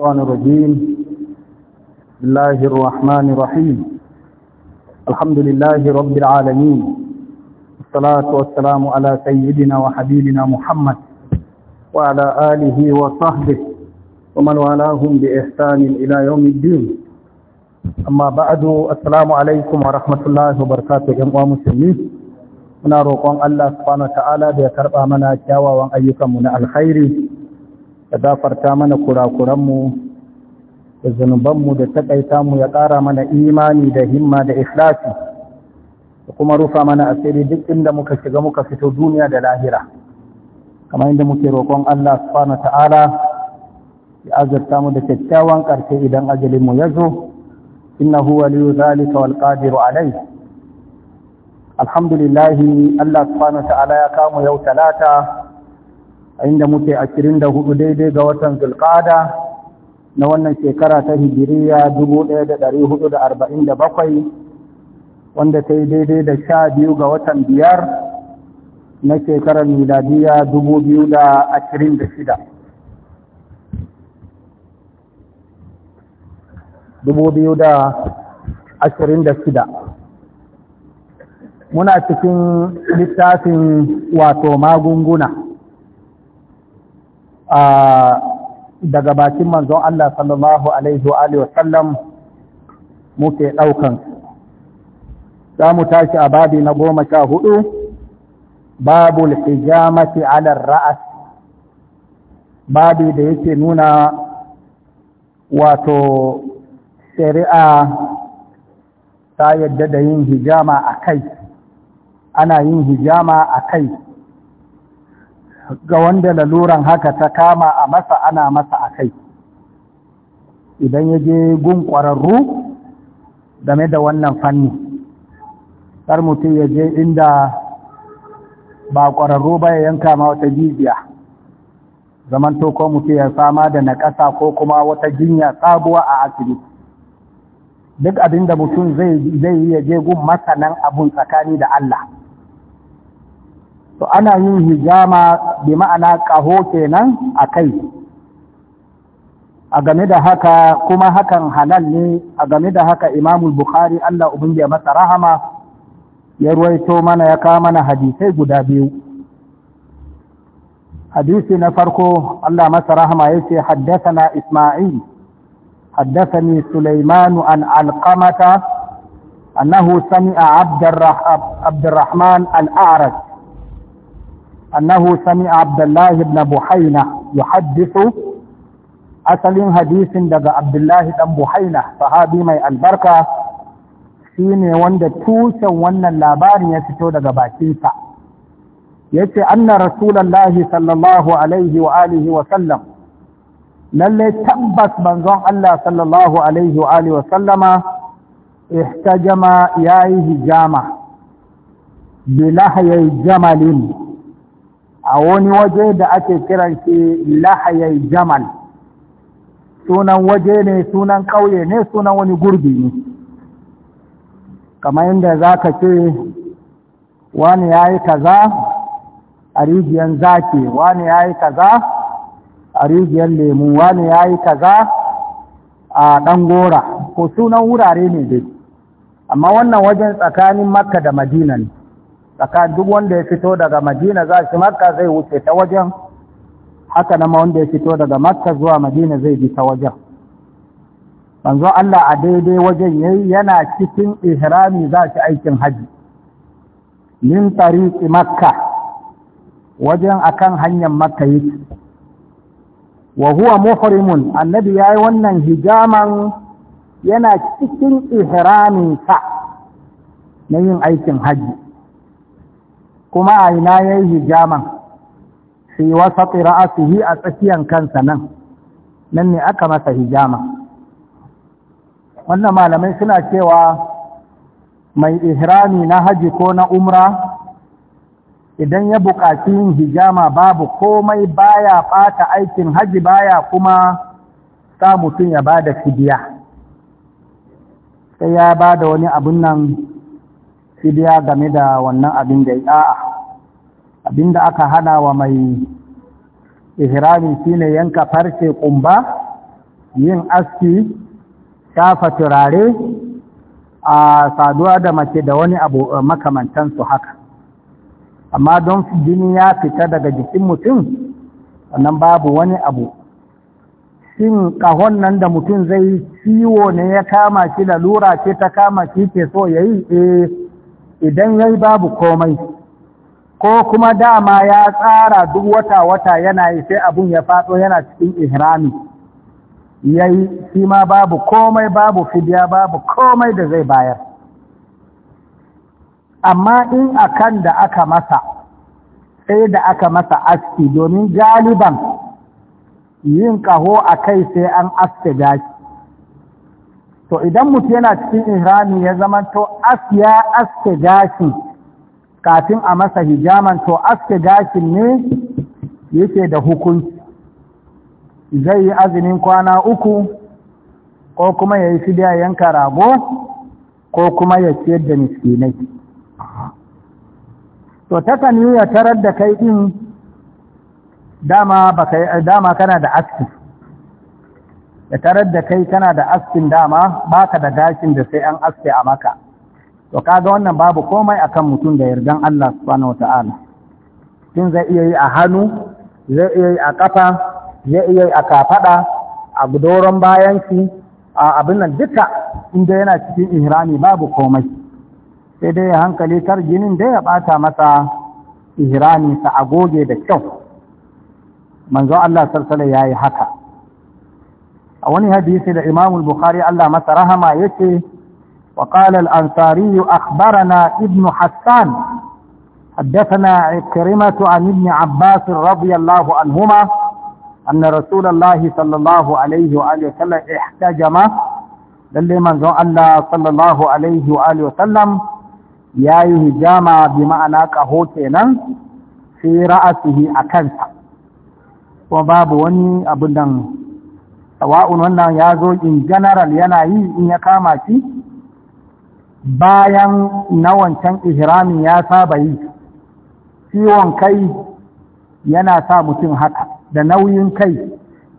الشيطان الرجيم بسم الله الرحمن الرحيم الحمد لله رب العالمين والصلاة والسلام على سيدنا وحبيبنا محمد وعلى آله وصحبه ومن والاهم بإحسان إلى يوم الدين أما بعد السلام عليكم ورحمة الله وبركاته جمع مسلمين muna roƙon Allah subhanahu wa ta'ala da ya karɓa mana kyawawan ayyukanmu na alkhairi ya gafarta mana kurakuranmu da zunubanmu da taƙaita mu ya ƙara mana imani da himma da ikhlasi da kuma rufa mana asiri duk inda muka shiga muka fito duniya da lahira kamar inda muke roƙon Allah subhanahu ta'ala ya azurta mu da kyakkyawan ƙarshe idan ajalin mu ya zo innahu waliyu zalika wal qadiru alai. alhamdulillah Allah subhanahu ta'ala ya kama yau talata inda muke 24 daidai ga watan zulqada na wannan shekara ta hijiriya 1447 wanda ta yi daidai da sha biyu ga watan biyar na shekarar miladiya 2026 muna cikin littafin wato magunguna daga bakin manzon Allah sallallahu alaihi wa alihi wasallam muke ɗaukan za mu tashi a babi na goma sha hudu babu hijamati ala ra'as Babu da yake nuna wato shari'a ta yadda da yin hijama a kai ana yin hijama a kai ga wanda laluran haka ta kama a masa ana masa a kai idan ya je gun ƙwararru game da wannan fanni kar mutum ya je inda ba ƙwararru ba ya yanka ma wata jijiya zamanto ko mutum ya sama da na ƙasa ko kuma wata jinya sabuwa a asibiti duk abinda mutum zai yi ya je gun masanan abun tsakani da Allah to ana yin hijama bi ma'ana ƙaho kenan a kai a game da haka kuma hakan halal ne a game da haka imamul bukhari allah ubangiya masa rahama ya ruwaito mana ya kawo mana hadisai guda biyu hadisi na farko allah masa rahama ya ce haddasa na isma'il haddasa سليمان عن an أنه annahu sami a عبد الرحمن أنه سمع عبد الله بن بحينة يحدث أصل حديث دقى عبد الله بن بحينة صحابي مي البركة shine wanda tushen wannan labarin ya fito daga bakinsa yace anna rasulullahi sallallahu alaihi wa wa sallam lalle tabbas manzon Allah sallallahu alaihi wa alihi wa sallama ihtajama yayi hijama bilahyai jamalin a wani waje da ake kiran shi lahayai jamal sunan waje ne sunan ƙauye ne sunan wani gurbi ne kamar yadda za ka ce wani ya yi kaza a rijiyar zaki wani ya yi kaza a rijiyar lemu wani ya yi kaza a ɗangora ko sunan wurare ne dai amma wannan wajen tsakanin makka da madina ne tsakanin duk wanda ya fito daga madina za shi makka zai wuce ta wajen haka nama wanda ya fito daga makka zuwa madina zai bi ta wajen manzo Allah a daidai wajen yayi yana cikin ihrami za shi aikin haji min tariqi makka wajen akan hanyar makka yake wa huwa muhrimun annabi yayi wannan hijaman yana cikin ihramin sa na yin aikin haji kuma a ina ya yi hijaman fi wasa ra'asihi a tsakiyar kansa nan nan ne aka masa hijama wannan malamai suna cewa mai ihrami na haji ko na umra idan ya buƙaci yin hijama babu komai baya ɓata aikin haji baya kuma sa mutum ya ba da fidiya sai ya ba da wani abin nan fidiya game da wannan abin da a'a abin da aka hana wa mai ihrami shine yanka farce ƙumba, yin aski shafa turare a saduwa da mace da wani abu makamantansu haka amma don jini ya fita daga jikin mutum wannan babu wani abu shin kahon nan da mutum zai ciwo ne ya kama shi lalura ce ta kama shi ke so ya yi eh idan yai babu komai ko kuma dama ya tsara duk wata-wata yana yi sai abun ya faɗo yana cikin ihrami yayi shi ma babu komai babu fidiya babu komai da zai bayar amma in akan da aka masa sai da aka masa aski domin galiban yin ƙaho a kai sai an aske gashi to idan mutum yana cikin ihrami ya zama to ya aske gashi kafin a masa hijaman to aske gashin ne yake da hukunci zai yi azumin kwana uku ko kuma ya yi fidiya yanka rago ko kuma ya ciyar da miskinai to takan yi ya tarar da kai din dama kana da aski Da tarar da kai kana da askin dama ba ka da gashin da sai an aske a maka to kaga wannan babu komai akan mutum da yardan Allah subhanahu wataala tun zai iya yi a hannu zai iya yi a kafa zai iya yi a kafada a doron bayan shi a abin nan duka inda yana cikin ihrami babu komai sai dai hankali kar jinin da ya bata masa ihrami sa agoge da kyau manzo Allah ya yi haka a wani hadisi da imamul bukari Allah masa rahama ya ce wa ƙalal an tariyu hassan haddasana a karimatu a nini abbasin rabiyallahu alhuma an rasulallah sallallahu alaihi wa sallam ihta jama lalle manzon Allah sallallahu alaihi wa sallam ya yi hijama bi ma'ana ƙaho kenan fi ra'asihi a kansa kuma babu wani abin sawa'un wannan ya zo in general yana yi in ya kama shi bayan na wancan ya saba yi ciwon kai yana sa mutum haka da nauyin kai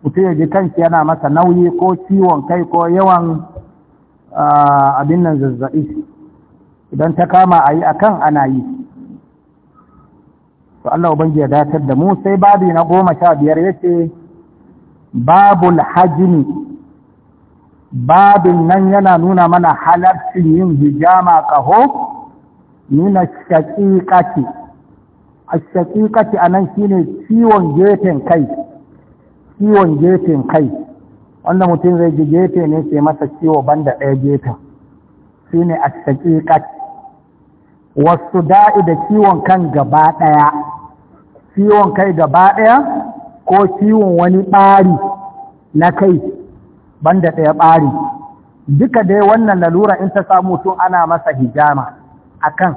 mutum ya ji kanshi yana masa nauyi ko ciwon kai ko yawan abin nan zazzaɓi idan ta kama a yi a kan ana yi to Allah ubangiya datar da mu sai babi na goma sha biyar yake babul hajjini babin nan yana nuna mana halarcin yin hijama ƙaho nuna shaƙiƙaci a shaƙiƙaci a nan shine ciwon gefen kai ciwon gefen kai wanda mutum zai ji gefe ne ke masa ciwo banda ɗaya gefen shine a shaƙiƙaci wasu da'i da ciwon kan gaba ɗaya ciwon kai gaba ɗaya ko ciwon wani ɓari na kai banda ɗaya ɓari duka dai wannan lalura in ta samu tun ana masa hijama a kan.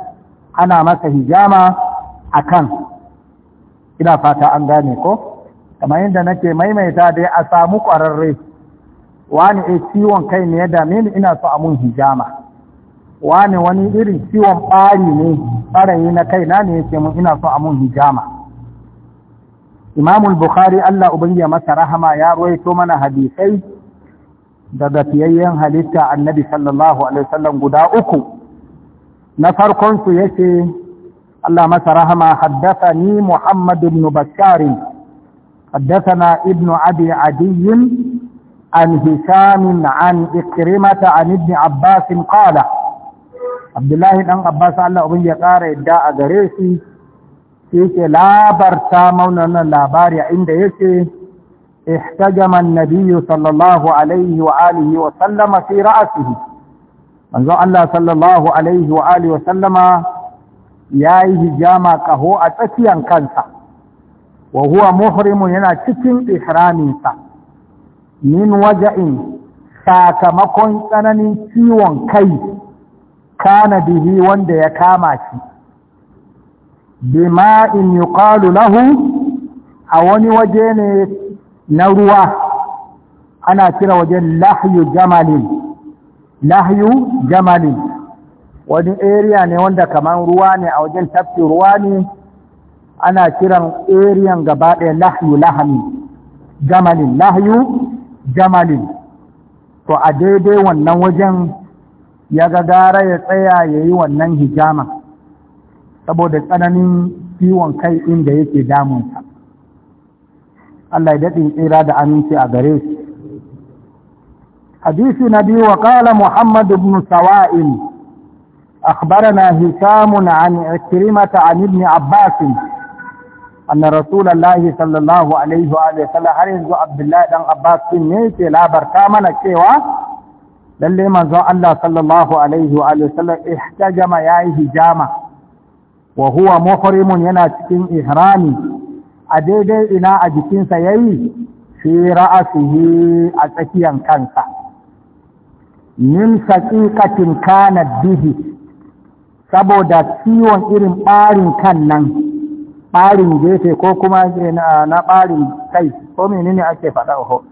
ana masa hijama a kan. ina fata an gane ko kamar yadda nake maimaita dai a samu ƙwararre wani e ciwon kai ne ya dame ni ina so a mun hijama wani wani irin ciwon ɓari ne ɓarayi na kai na ne ya ce mun ina so a mun hijama Imamul Bukhari Allah Ubangiya masa rahama ya ruwaito mana hadisai daga fiyayyen halitta annabi sallallahu Alaihi wasallam guda uku. Na farkon su ce, Allah masa rahama haddasa ni Muhammad ibn Basharin, haddasa na ibn Abi Adiyin, an Hishamin, an Ikrimata, an ibn Abbasin ƙala. Abdullahi ɗan Abbas Allah Ubangiya ƙara yadda a gare shi. yake labarta maunan labari inda yake ihtajama an-nabiy sallallahu alaihi wa alihi wa sallama fi manzo Allah sallallahu alaihi wa alihi wa sallama yayi hijama kaho a tsakiyan kansa wa huwa muhrimun yana cikin ihraminsa min waja'in sakamakon tsananin ciwon kai kana bihi wanda ya kama shi ma'in yuqalu lahu a wani waje ne na ruwa ana kira wajen lahyu jamalin lahyu jamalin wani area ne wanda kaman ruwa ne a wajen tafki ruwa ne ana kiran area gaba ɗaya lahyu lahami jamalin lahyu jamalin to a daidai wannan wajen ya ga gara ya tsaya ya yi wannan hijama saboda tsananin ciwon kai inda yake damunsa Allah ya daɗin tsira da aminci a gare shi hadisi na biyu wa kala Muhammad ibn Sawa'in أخبرنا هشام عن عكرمة عن ابن عباس أن رسول الله صلى الله عليه وآله وسلم حرز عبد الله بن عباس نيك لا بركامنا كيوا للي من الله صلى الله عليه وآله وسلم احتجم يا هجامة wa huwa muhrimun yana cikin ihrami a daidai ina a jikinsa yayi fi ra'asihi a tsakiyan kansa min saqiqatin kana bihi saboda ciwon irin ɓarin kan nan ɓarin gefe ko kuma na ɓarin kai ko menene ake fada ho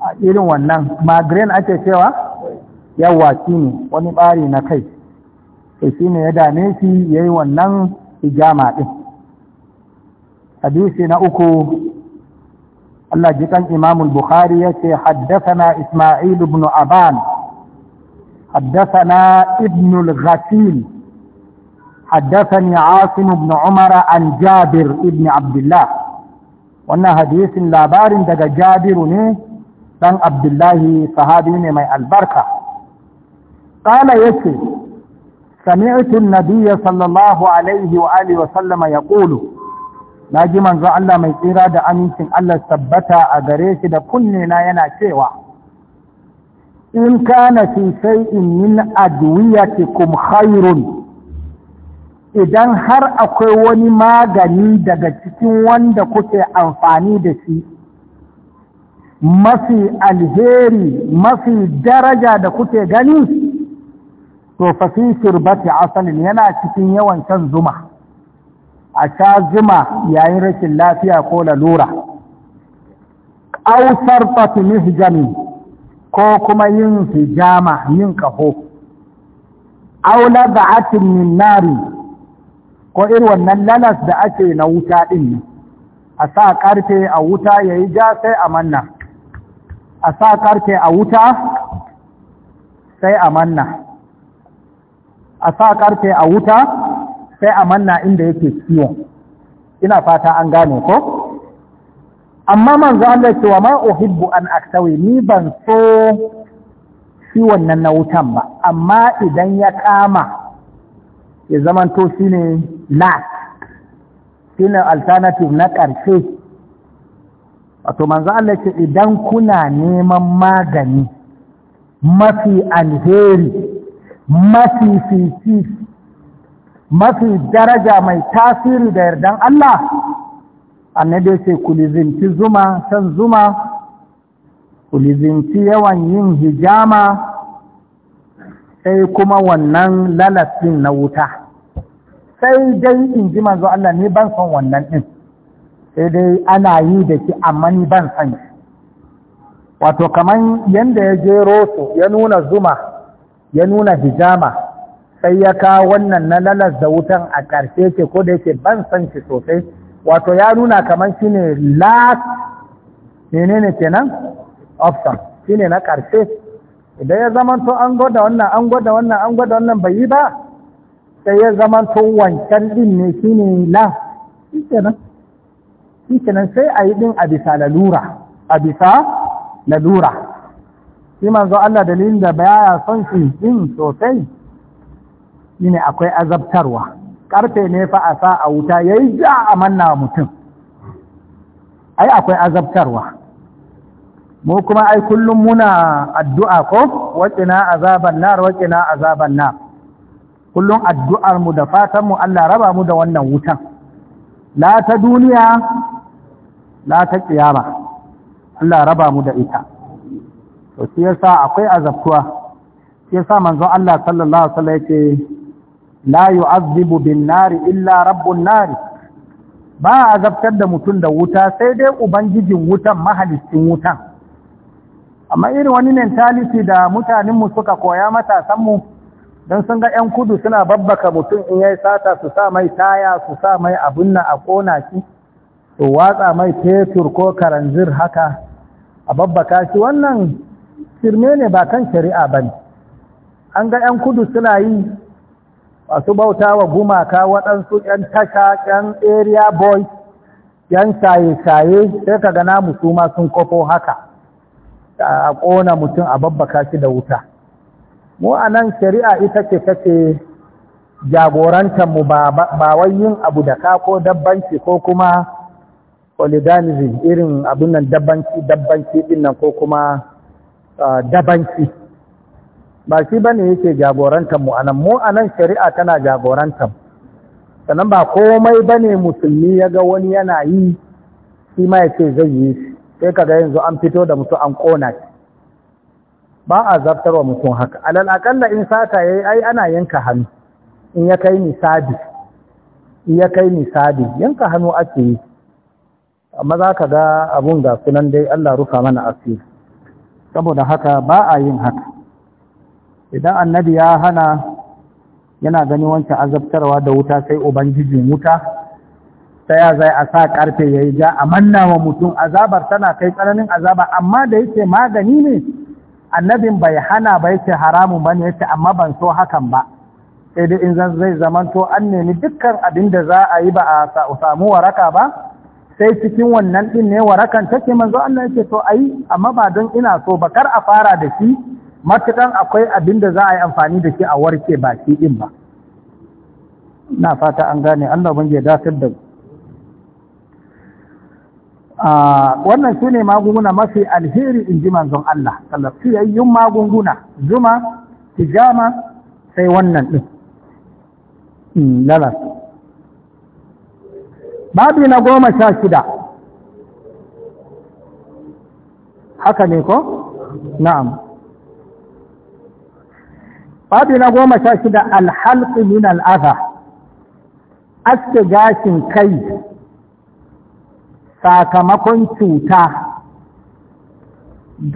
a irin wannan migraine ake cewa yawa ne wani bari na kai to shi ne ya dame shi ya yi wannan hijama ɗin hadisi na uku Allah jikan imamul bukhari ya ce na ismail ibn aban haddasana ibn al haddasa haddasani asim ibn umara an jabir ibn abdullah wannan hadisin labarin daga jabiru ne dan abdullahi sahabi ne mai albarka ƙala ya ce سمعت Nabiyyu صلى الله عليه وآله وسلم يقول tsira da amincin Allah tabbata a gare shi da kunne na yana cewa in kana fi shay'in min adwiyatikum hairun. idan har akwai wani magani daga cikin wanda kuke amfani da shi mafi alheri mafi daraja da kuke gani to fafi shirbati asalin yana cikin yawan can zuma a sha zuma yayin rashin lafiya ko lalura ausar fatu mihjami ko kuma yin hijama yin ƙaho aula da min nari ko irin wannan lalas da ake na wuta din a sa ƙarfe a wuta ya yi ja sai a manna a sa karfe a wuta sai a manna a sa karfe a wuta sai a manna inda yake ciwo ina fata an gane ko amma manzo Allah ce wa ma uhibbu an aktawi ni ban so shi wannan na wutan ba amma idan ya kama ya zamanto shine la shine alternative na ƙarshe wato manzo Allah ce idan kuna neman magani mafi alheri Mafi mafifici mafi daraja mai tasiri da yardan Allah annabi ce kulizinci zuma san zuma kulizinci yawan yin hijama sai kuma wannan lalacin na wuta sai dai in ji manzo Allah ni ban son wannan ɗin sai dai ana yi da shi amma ni ban san wato kaman yanda ya jero su ya nuna zuma ya nuna hijama sai ya kawo wannan na lalas da wutan a ƙarshe ke ko da yake ban san shi sosai wato ya nuna kamar shi ne last menene kenan option shi ne na ƙarshe idan ya zama to an gwada wannan an gwada wannan an gwada wannan bai yi ba sai ya zama to wancan din ne shi ne last shi kenan shi kenan sai a yi din a bisa lalura a bisa lalura shi manzo Allah dalilin da baya son shi din sosai ne akwai azabtarwa karfe ne fa a sa a wuta ya yi ja a manna mutum ai akwai azabtarwa mu kuma ai kullum muna addu'a ko waƙina azaban nar waƙina azaban nar kullum addu'ar mu da fatan mu Allah raba mu da wannan wutan la ta duniya la ta kiyama Allah raba mu da ita to shi yasa akwai azabtuwa shi yasa manzon Allah sallallahu alaihi wasallam yake la yu'azzibu bin nari illa rabbun nari ba azabtar da mutum da wuta sai dai ubangijin wutan mahalicin wutan amma irin wani mentality da mutanenmu suka koya matasanmu don sun ga 'yan kudu suna babbaka mutum in ya sata su sa mai taya su sa mai abin na a kona shi su watsa mai fetur ko karanzir haka a babbaka shi wannan firme ne ba kan shari'a ba ne an ga 'yan kudu suna yi masu bauta wa gumaka waɗansu 'yan tasha 'yan area boy 'yan shaye-shaye sai ka gana musu ma sun kofo haka a ƙona mutum a babbaka shi da wuta mu a nan shari'a ita ce take jagorantarmu ba wai yin abu da ka ko dabbanci ko kuma oliganism irin abin nan dabbanci dabbanci ɗin ko kuma Ah, dabanci ba shi bane yake jagorantar mu anan mu anan shari'a tana jagorantar sannan ba komai bane musulmi ya ga wani yana yi shi ma yace zai yi shi sai kaga yanzu an fito da mutum an kona shi ba a zartarwa mutum haka alal akalla in sata yayi ai ana yanka hannu in ya kai nisabi in ya kai nisabi yanka hannu ake yi amma za ka ga abun ga sunan dai Allah rufa mana asiri saboda haka ba a yin haka idan annabi ya hana yana gani wancan azabtarwa da wuta sai ubangijin wuta ta ya zai a sa karfe ya yi ja a manna wa mutum azabar tana kai tsananin azaba amma da yake magani ne annabin bai hana ba yake haramun ba ne yake amma ban so hakan ba sai dai in zai zamanto an nemi dukkan abin da za a yi ba a samu waraka ba sai cikin wannan ɗin ne warakan take manzo Allah yake to ayi amma ba don ina so ba kar a fara da shi matukan akwai abin da za a yi amfani da shi a warke ba shi ɗin ba na fata an gane Allah ban ya dasar da wannan su ne magunguna mafi alheri in ji manzon Allah fiyayyun magunguna zuma tijama sai wannan ɗin hmm, lalata. babi na goma sha shida haka ne ko? na'am babi na goma sha shida alhalƙi min al'aza aske gashin kai sakamakon cuta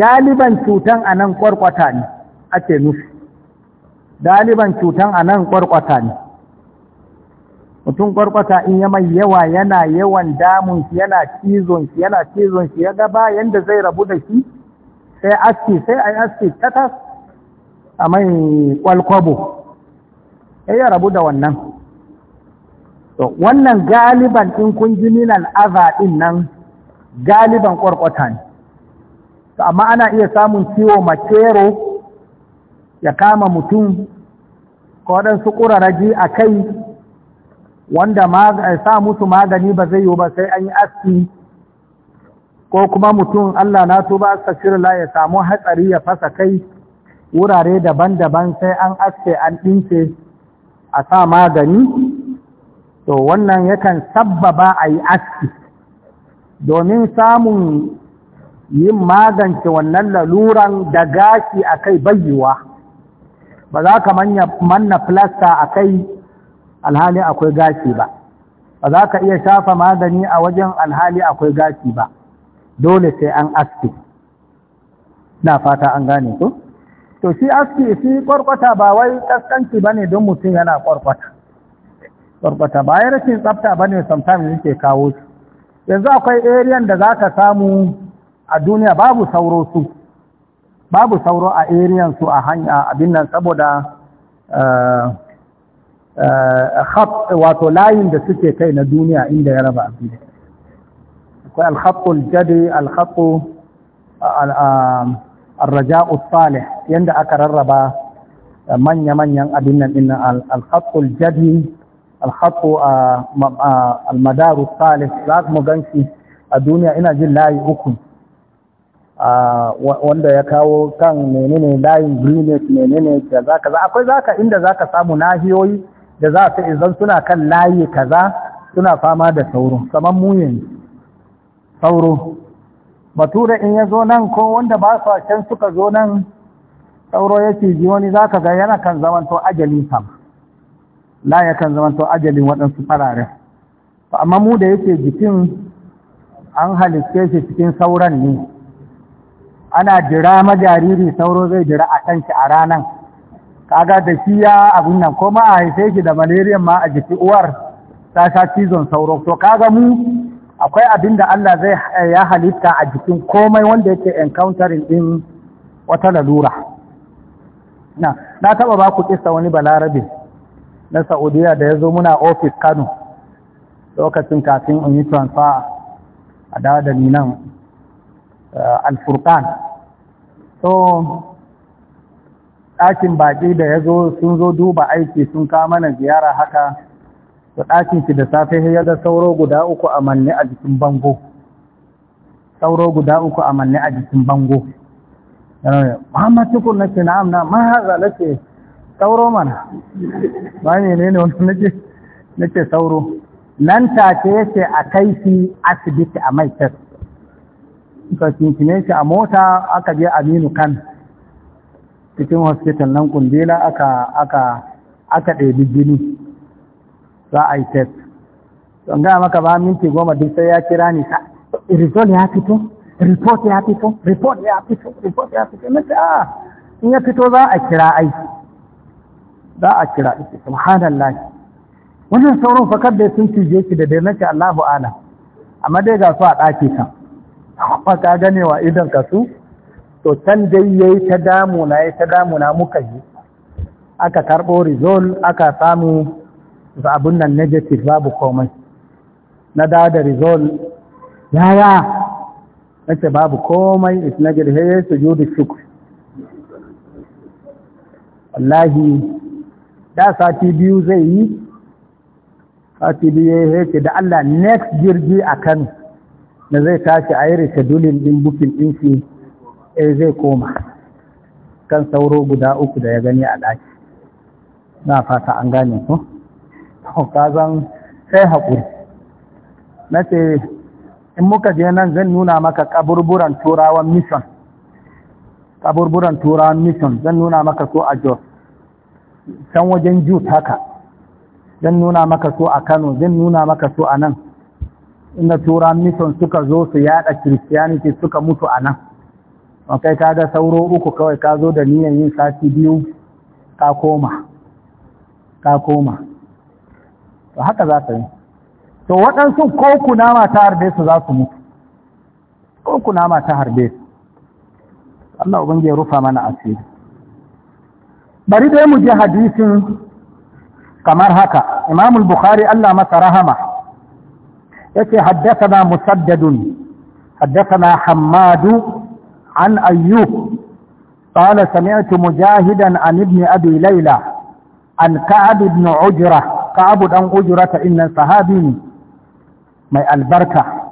galiban cutan a nan kwarkwata ne ake nufi galiban cutan a nan kwarkwata ne mutum kwarkwata in ya mai yawa yana yawan damun shi yana cizon shi yana cizon shi ya gaba zai rabu da shi sai aski sai yi aski tatas a mai kwalkwabo sai ya rabu da wannan to wannan galiban in kun ji minan aza din nan galiban kwarkwata ne to amma ana iya samun ciwo makero ya kama mutum ko waɗansu ƙuraraji a kai wanda eh, sa musu magani ba zai yi ba sai an yi aski ko kuma mutum Allah na tuba shirla ya samu hatsari ya fasa kai wurare daban-daban sai an aske an ɗinke a sa magani to wannan yakan sabbaba a yi aski domin samun yin magance wannan laluran da gashi a kai bayyuwa ba za ka manna filasta a kai alhali akwai gashi ba ba za ka iya shafa magani a wajen alhali akwai gashi ba dole sai an aski na fata an gane ku to shi aski shi kwarkwata ba wai kaskanci ba ne don mutum yana kwarkwata kwarkwata ba ya rashin tsafta ba ne sometimes yake kawo shi yanzu akwai ariyan da za ka samu a duniya babu sauro su babu sauro a ariyan su a hanya abin nan saboda eh, Eh, wato layin da suke kai na duniya inda ya raba su akwai alhaƙo jadi alhaƙo ah, arraja'u salih yadda aka rarraba eh, manya-manyan abin nan ɗin alhaƙo jadi alhaƙo almadaru salih za mu ganshi a duniya ina jin layi uku ah, wanda ya kawo kan menene layin greenage menene da zaka akwai zaka inda zaka samu nahiyoyi da za su izan suna kan layi kaza suna fama da sauro saman muyin sauro bature in ya zo nan ko wanda ba su can suka zo nan sauro ya ce ji wani za ka ga yana kan zamanto ajali sam la ya kan zamanto ajalin waɗansu farare. amma mu da yake jikin an halitta shi cikin sauran ne ana jira majariri sauro zai jira a kan a ranan kaga da shi ya abin nan ko ma a haife shi da malaria ma a jiki uwar ta sha cizon sauro to kaga mu akwai abin da Allah zai eh, ya halitta a jikin komai wanda yake encountering din wata lalura na na taba ba ku kissa wani balarabe na Saudiya da ya zo muna office Kano lokacin kafin in yi transfer a dawo da ni nan eh, al-Furqan so ɗakin baƙi da ya zo sun zo duba aiki sun kawo mana ziyara haka to ɗakin da safe ya ga sauro guda uku a manne a jikin bango sauro guda uku a manne a jikin bango eh, Muhammad Tukur na ce na'am na ma haza na ce sauro mana ba ne ne ne wani na ce sauro nan take yake a kai shi asibiti a mai test suka cincine shi a mota aka je aminu kan cikin hospital nan kundila aka aka aka ɗebi jini za a yi test don gaya maka ba minti goma duk sai ya kira ni ka? result ya fito report ya fito report ya fito report ya fito na a ah, in ya fito za a kira ai za a kira ita subhanallah wannan sauran fakar da sun cije ki da dai nace Allahu alam amma dai ga su a ɗaki kan ba ka ganewa idan ka su to can dai ya yi ta damuna ya ta damuna muka yi aka karɓo rizol aka samu abin nan negative babu komai na da da rizol yaya ce babu komai is negative yi su judu shuk. wallahi da sati biyu zai yi sati biyu ya ce da Allah next jirgi a Kano da zai tashi a yi rikadulin ɗin bukin ɗin shi eh zai koma kan sauro guda uku da ya gani a ɗaki na fata an gane ko ka zan sai haƙuri na ce in muka je nan zan nuna maka kaburburan turawan mission kaburburan turawan mission zan nuna maka so a jos can wajen jut haka zan nuna maka so a kano zan nuna maka so a nan inda turawan mission suka zo su yada christianity suka mutu a nan wakai ka ga sauro uku kawai ka zo da niyan yin sati biyu ka koma ka koma to haka za ka yi to waɗansu ko nama ta harbe su za su mutu ko nama ta harbe su Allah ubangiji ya rufa mana asiri bari dai mu ji hadisin kamar haka Imam al-Bukhari Allah masa rahama yace haddathana musaddad haddathana Hammad عن أيوب قال سمعت مجاهدا عن ابن أبي ليلى عن كعب بن عجرة كعب بن عجرة إن صحابي mai albarka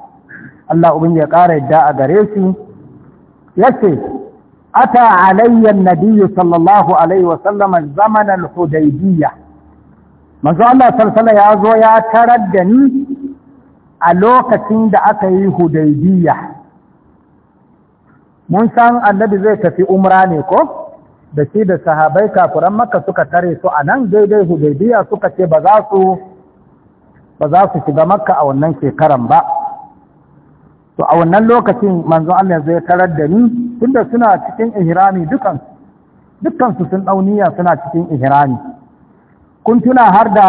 Allah ubin ya ƙara yadda a gare ya ce ata alayyan nabiyyu sallallahu alaihi wasallam zaman al-hudaybiyya manzo Allah sallallahu ya zo ya tarar da ni a lokacin da aka yi hudaybiyya mun san annabi zai tafi umra ne ko da shi da sahabai kafuran maka suka tare su a nan daidai hudaybiya suka ce ba za su shiga makka a wannan shekaran ba to a wannan lokacin manzon Allah zai tarar da ni tunda suna cikin ihrami dukan dukkan su sun dauniya suna cikin ihrami kun tuna har da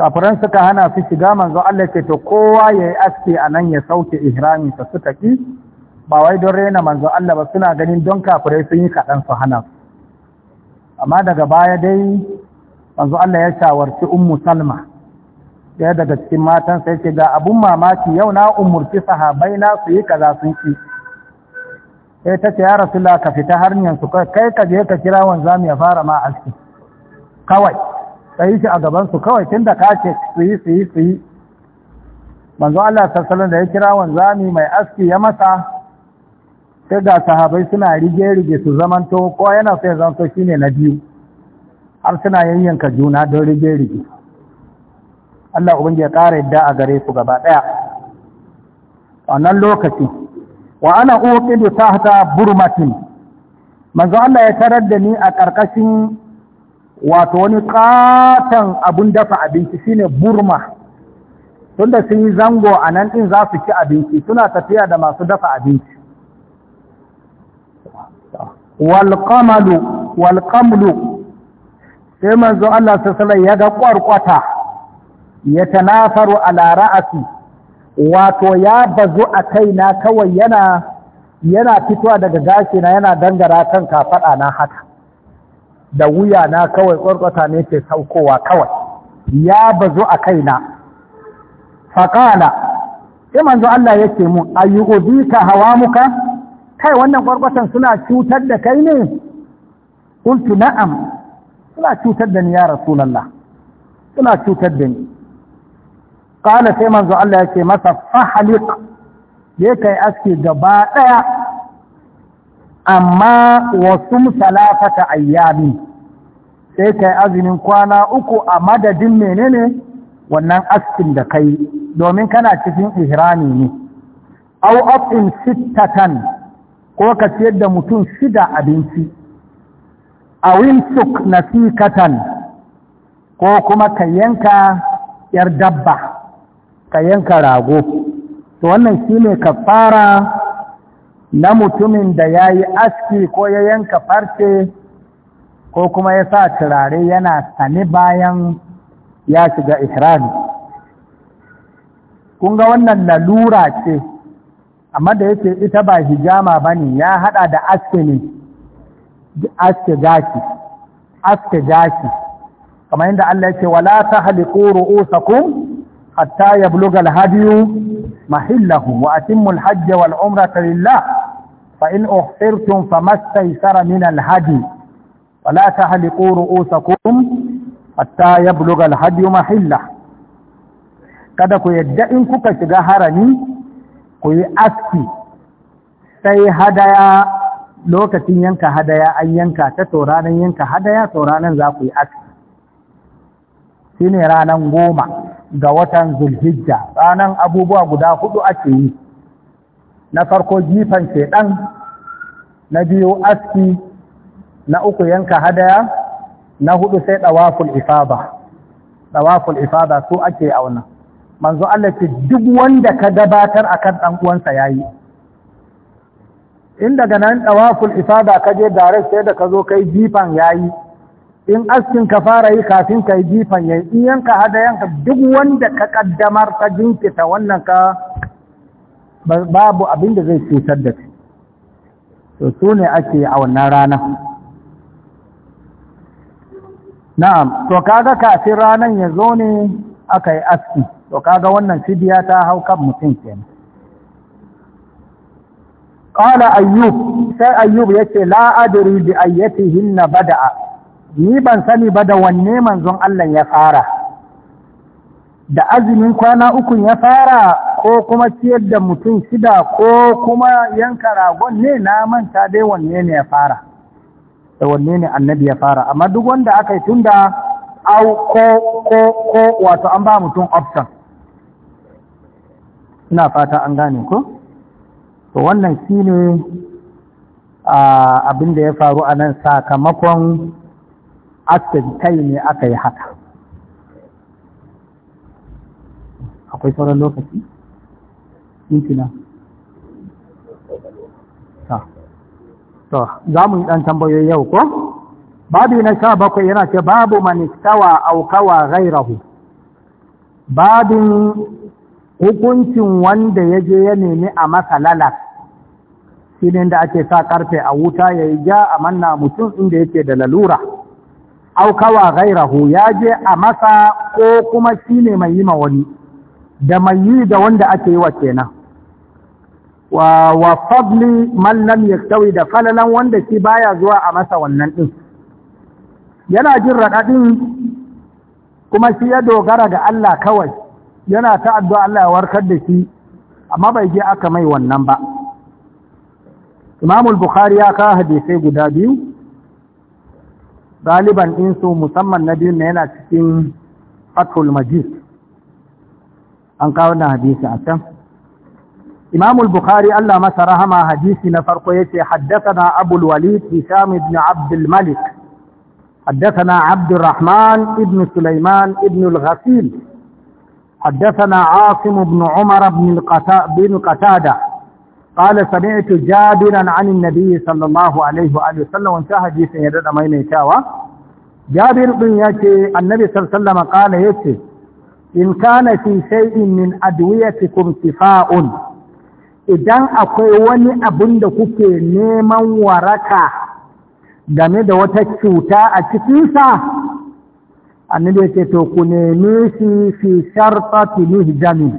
kafiran suka hana su shiga manzon Allah ce to kowa yayi aski anan ya sauke ihrami sa suka ki ba wai don rena manzo Allah ba suna ganin don kafirai sun yi kaɗan su hana su amma daga baya dai manzo Allah ya shawarci ummu salma ɗaya daga cikin matan sai ce ga abun mamaki yau na umurci sahabai na su yi kaza sun ci. sai ta ce ya rasu ka fita hanyar su kai ka je ka kira wanzamu ya fara ma aski kawai sai shi a gaban su kawai tun da ka ce su yi su yi su yi manzo Allah sassalin da ya kira wanzami mai aski ya masa sai ga sahabai suna rige-rige su zamanto ko yana sai zanto shi ne na biyu har suna yanyanka juna don rige-rige Allah ubangi ya ƙara yadda a gare su gaba ɗaya wannan lokaci wa ana uqidu tahta burmatin manzo Allah ya tarar da ni a ƙarƙashin wato wani ƙaton abun dafa abinci shine burma tunda sun yi zango a nan ɗin za su ci abinci suna tafiya da masu dafa abinci walƙamalu walƙamlu sai manzo Allah sassalai ya ga ƙwarƙwata ya tanafaru a lara'asi wato ya bazu a kaina kawai yana yana fitowa daga gashina yana dangara kan kafaɗa na haka da wuya na kawai ƙwarƙwata ne ke saukowa kawai ya bazu a kaina faƙala sai manzo Allah ya ce mu ka hawa muka kai wannan kwarkwatan suna cutar da kai ne qultu na'am suna cutar da ni ya rasulallah, suna cutar da ni Ƙala sai manzo Allah yake masa fahliq ya kai aski gaba ɗaya. amma wasu salafata ayyami sai kai azumin kwana uku a madadin menene wannan askin da kai domin kana cikin ihrami ne au afin sittatan ko ka ciyar da mutum shida abinci a suk na fikatan ko kuma ka yanka ‘yar dabba ka yanka rago to wannan shi ne ka fara na mutumin da ya yi aski ko ya yanka farce ko kuma ya sa turare yana sani bayan ya shiga ihrami kun ga wannan lalura ce amma da yake ita ba hijama ba ne ya haɗa da aske ne aske gashi aske gashi kamar yadda Allah yake wala ta haliku ru'usakum hatta yabluga al-hadiyu mahillahu wa atimmu al-hajj wal umrata lillah fa in uhsirtum famastaysara min al wala ta haliku ru'usakum hatta yabluga al-hadiyu mahillahu kada ku yadda in kuka shiga harami ku yi aski sai hadaya lokacin yanka hadaya an yanka ta tauranin yanka hadaya tauranin za ku yi aski shi ne ranar goma ga watan zulhijja ranar abubuwa guda hudu ake yi na farko jifan shedan na biyu aski na uku yanka hadaya na hudu sai ɗawaful ifaba ɗawaful ifaba su ake auna manzo Allah ce duk wanda ka gabatar kan dan uwansa yayi in daga nan dawaful ifada ka je direct sai da ka zo kai jifan yayi in askin ka fara yi kafin kai jifan yayi in yanka hadayanka duk wanda ka kaddamar ka jinkita wannan ka babu abin da zai cutar da ce, to su ne ake a wannan rana na'am to kaga kafin ranan ya zo ne aka yi aski to kaga wannan fidiya ta hau kan mutum kenan qala ayyub sai ayyub yace la adri bi ayyatihinna bada'a ni ban sani ba da wanne manzon Allah ya fara da azumin kwana uku ya fara ko kuma ciyar da mutum shida ko kuma yanka ragon ne na manta dai wanne ne ya fara da wanne ne annabi ya fara amma duk wanda aka yi tunda au ko ko ko wato an ba mutum option ina fata an gane ko to wannan shi ne abin da ya faru a nan sakamakon askin kai ne aka yi haka akwai sauran lokaci? Yinkina. To, za mu yi ɗan tambayoyi yau ko? Babu na sha bakwai yana ce babu manistawa aukawa rairahu. Babin hukuncin wanda ya je ya nemi a masa lalat shi ne da ake sa karfe a wuta ya yi ja a manna mutum inda yake da lalura aukawa gairahu ya je a masa ko kuma shi ne mai yi ma da mai yi da wanda ake yi wa kenan wa fadli man lam yaktawi da falalan wanda shi baya zuwa a masa wannan din yana jin raɗaɗin kuma shi ya dogara ga Allah kawai yana ta addu'a Allah ya warkar da shi amma bai je aka mai wannan ba imamul bukhari ya kawo hadisai guda biyu ɗaliban ɗinsu musamman na biyun yana cikin fatul majid an kawo da hadisi a can imamul bukhari Allah masa rahama hadisi na farko yace haddasa abul walid hisham ibn abd al malik haddathana ibn sulaiman ibn al-ghasil حدثنا عاصم بن عمر بن, القتا... بن قتادة قال سمعت جابرا عن النبي صلى الله عليه وآله وسلم وانتهى حديث يدد أمين يتاوى جابر بن يتي النبي صلى الله عليه وسلم قال يتي إن كان في شيء من أدويتكم شفاء idan akwai wani abin da kuke neman waraka game da wata cuta a cikinsa annabi ya ce to ku neme shi fi sharfati ni hijami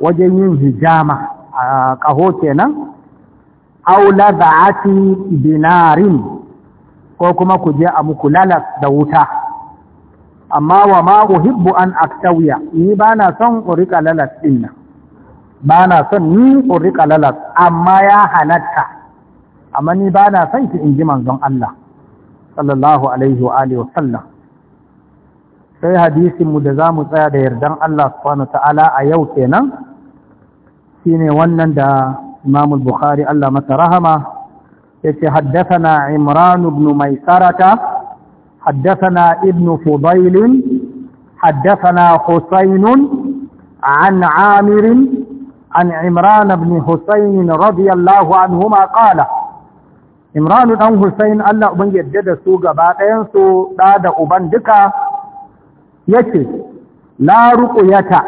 wajen yin hijama a ƙaho kenan aula za'ati binarin ko kuma ku je a muku lalas da wuta amma wa ma uhibbu an aktawiya ni ba na son urika lalas ɗin nan ba na son ni urika lalas amma ya halatta amma ni ba na son ki in ji manzon Allah sallallahu alaihi wa alihi wa sallam sai hadisinmu da za mu tsaya da yardan Allah subhanahu ta'ala a yau kenan shi ne wannan da imam bukhari Allah masa rahama ya ce haddasana imran ibn maisarata haddasana ibn fudail haddasana Husainun an amir an imran ibn husayn radiyallahu anhuma qala imran dan husayn Allah ubangi yadda da su gaba ɗayan su da da uban duka yake la yata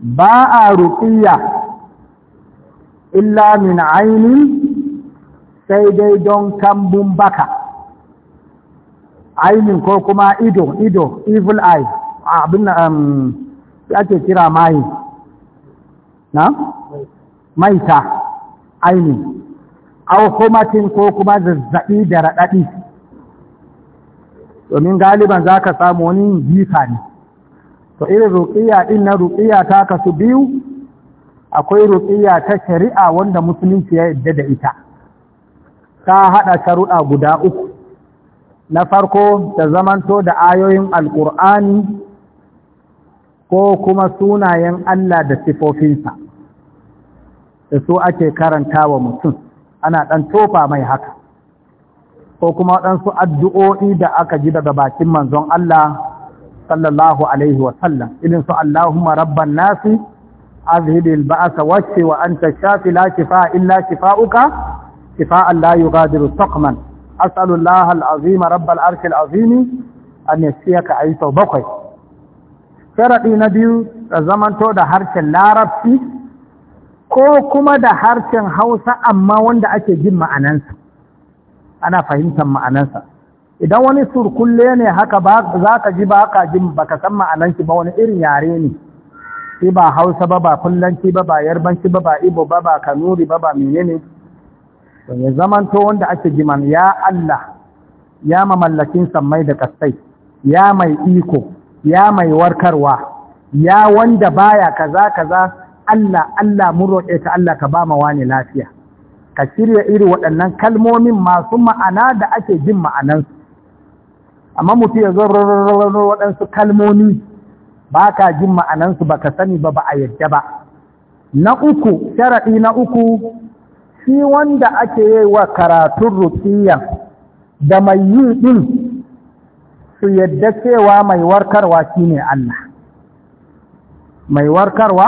ba a ruqiyya illa min aini sai dai don kambun baka ainin ko kuma ido ido evil eye abin um, ake kira mai na maita ainin au ko kuma zazzaɓi da raɗaɗi domin galiban za ka samu wani jifa ne to irin ruƙiya ɗin na ruƙiya ta kasu biyu akwai ruƙiya ta shari'a wanda musulunci ya yadda da ita ta haɗa sharuɗa guda uku na farko da zamanto da ayoyin alƙur'ani ko kuma sunayen Allah da sifofinsa da su ake karanta wa mutum ana ɗan tofa mai haka ko kuma waɗansu addu'o'i da aka ji daga bakin manzon Allah sallallahu Alaihi wasallam, irin su Allahumma rabban nasi, azhibil ba'asa wacce wa an ta shafi la shifa illa shifa'uka, shifa Allah yi gadiru Stockman, asalullah al'azima rabbal arshil azimi, an yashiya ka ayi sau bakwai. Sharaɗi na biyu da zamanto da harshen larabci ko kuma da harshen hausa amma wanda ake jin ma'anansa. ana fahimtar ma'anansa idan wani surkulle ne haka za ka ji ba ka jin ba ka san ma'ananki ba wani irin yare ne shi ba hausa ba ba kullanci ba ba yarbanci ba ba ibo ba ba kanuri ba ba menene ya zamanto wanda ake jiman ya Allah ya mamallakin sammai da kasai ya mai iko ya mai warkarwa ya wanda baya kaza kaza Allah Allah mun roƙe ka Allah ka ba ma wani lafiya ka shirya iri waɗannan kalmomin masu ma'ana da ake jin ma'anansu amma mutum ya zo waɗansu kalmomi ba ka jin ma'anansu ba ka sani ba ba a yadda ba na uku sharaɗi na uku shi wanda ake yi wa karatun rufiya da mai yi ɗin su yadda cewa mai warkarwa shine Allah mai warkarwa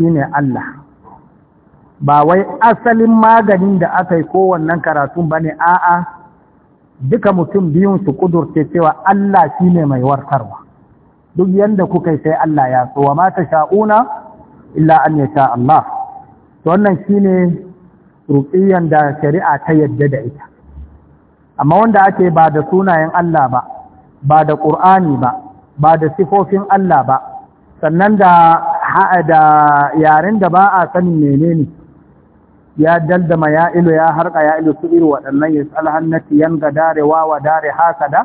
shine Allah ba wai asalin maganin da aka yi kowannan karatun ba ne a'a duka mutum biyun su kudurce cewa Allah shi ne mai warkarwa duk yadda kuka sai Allah ya so wa mata sha'una illa an ya sha Allah to wannan shi ne ruƙiyan da shari'a ta yadda da ita amma wanda ake ba da sunayen Allah ba ba da ƙur'ani ba ba da sifofin Allah ba sannan da yaren da ba a sanin menene ya daldama ya ilo ya harka ya ilo su iri waɗannan ya alhannati yanga darewa wa dare haka da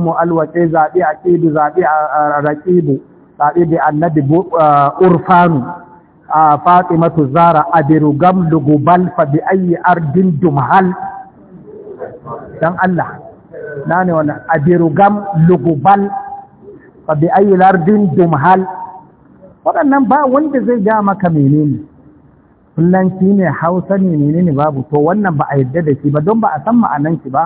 mu alwace zaɓi a ƙidu zaɓi a raƙibu zaɓi da annabi urfanu a fatimatu zara a birugam lugubal fa bi ayi ardin dumhal don Allah na ne wannan a birugam lugubal fa bi ayi dumhal waɗannan ba wanda zai ja maka menene Fulanci ne Hausa ne ne babu to wannan ba a yadda da shi ba don ba a san ma'anan shi ba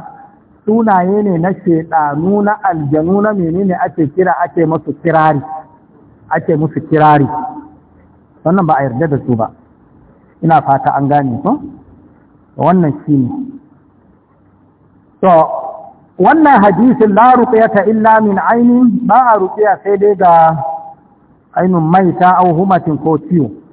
sunaye ne na shedanu na aljanu na menene ake kira ake musu kirari ake musu kirari wannan ba a yarda da su ba ina fata an gane ko wannan shi ne. to wannan hadisin la ruqyata illa min ainin ba a ya sai dai ga ainun maita au humatin ko ciwo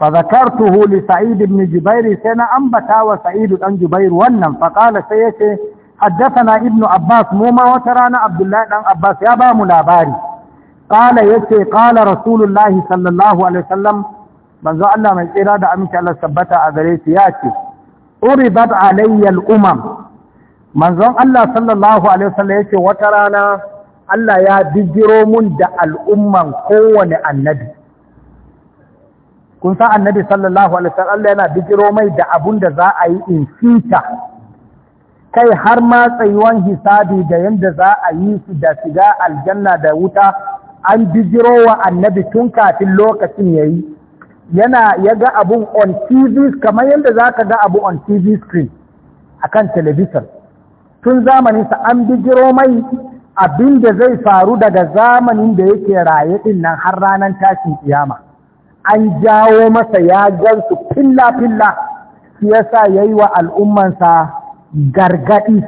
فذكرته لسعيد بن جبير سنة أنبتا وسعيد بن جبير ونم فقال سيتي حدثنا ابن عباس موما وترانا عبد الله بن عباس يابا ملاباري قال يتي قال رسول الله صلى الله عليه وسلم من ذا الله من إرادة أمك الله ثبت أذريت ياتي أربت علي الأمم من ذا الله صلى الله عليه وسلم يتي وترانا الله يا بجرو من دا الأمم قوة النبي kun san annabi sallallahu alaihi wasallam yana bijiro mai da abun da za a yi in fita kai har ma tsayuwan hisabi da yanda za a yi su da shiga aljanna da wuta an bijiro wa annabi tun kafin lokacin yayi yana ya ga abun on TV kamar yanda ka ga abu on TV screen akan television tun zamanin sa an bijiro mai abin da zai faru daga zamanin da yake raye din nan har ranar tashin kiyama an jawo masa ya gansu filla-filla ya yasa ya yi wa al'ummansa gargaɗi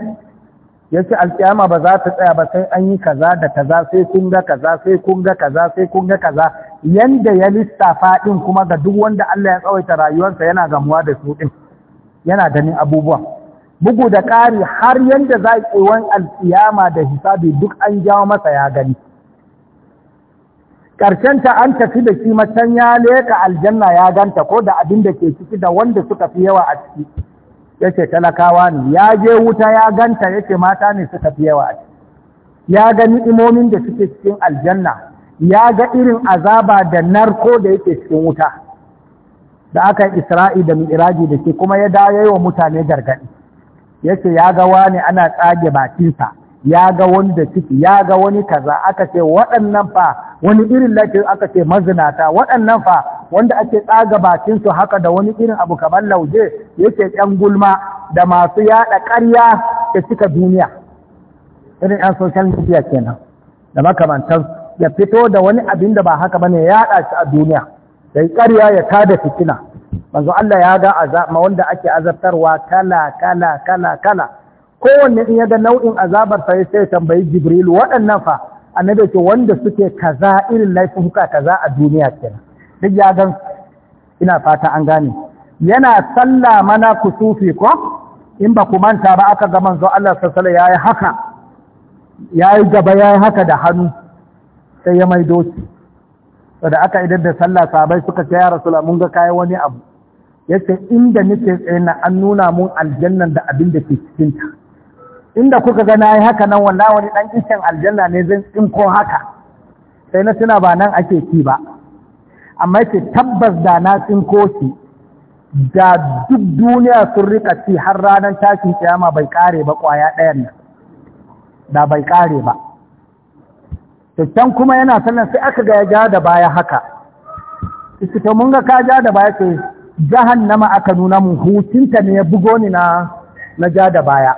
ya ce alƙiyama ba za ta tsaya ba sai an yi kaza da kaza sai kun ga kaza sai kun ga kaza sai kun ga kaza yanda ya lissafa ɗin kuma ga duk wanda Allah ya tsawaita rayuwarsa yana gamuwa da su ɗin yana ganin abubuwa bugu da ƙari har yanda za a alƙiyama da hisabi duk an jawo masa ya gani ta an tafi da shi matan ya leka aljanna ya ganta ko da abin da ke ciki da wanda suka fi yawa a ciki ya ce talakawa ne ya je wuta ya ganta ya ce mata ne suka fi yawa a ciki ya ga imomin da suke cikin aljanna ya ga irin azaba da narko da yake cikin wuta da aka yi isra'i da mi'iraji da ke kuma ya dawo wa mutane gargaɗi ya ce ya ga wani ana tsage bakinsa ya ga wani da ciki ya ga wani kaza aka ce waɗannan fa wani irin lafiya aka ce mazinata waɗannan fa wanda ake tsaga bakin su haka da wani irin abu kamar lauje yake ƴan gulma da masu yaɗa ƙarya da cika duniya irin ƴan social media kenan da makamantar ya fito da wani abin da ba haka bane ya yaɗa shi a duniya da ƙarya ya tada fitina manzo Allah ya ga azab wanda ake azabtarwa kala kala kala kala kowanne in da nau'in azabar ya sai tambayi jibril waɗannan fa annabi ce wanda suke kaza irin laifin huka kaza a duniya kenan duk ya gan ina fata an gane yana sallah mana kusufi ko in ba ku manta ba aka ga manzo Allah sallallahu alaihi yayi haka yayi gaba yayi haka da hannu sai ya maido shi da aka idan da sallah sahabbai suka ce ya rasulullah mun ga kayan wani abu yace inda nake tsaye na an nuna mun aljannan da abin da ke cikinta. inda kuka ga nayi haka nan wannan wani ɗan ishen aljanna ne zan in ko haka sai na tuna ba nan ake ci ba amma ce tabbas da na tsinko shi da duk duniya sun rika ci har ranar tashin kiyama bai kare ba kwaya ɗayan nan da bai kare ba can kuma yana sannan sai aka ga ya ja da baya haka iskita mun ga ka ja da baya ce jahannama aka nuna mun hucinta ne ya bugo ni na na ja da baya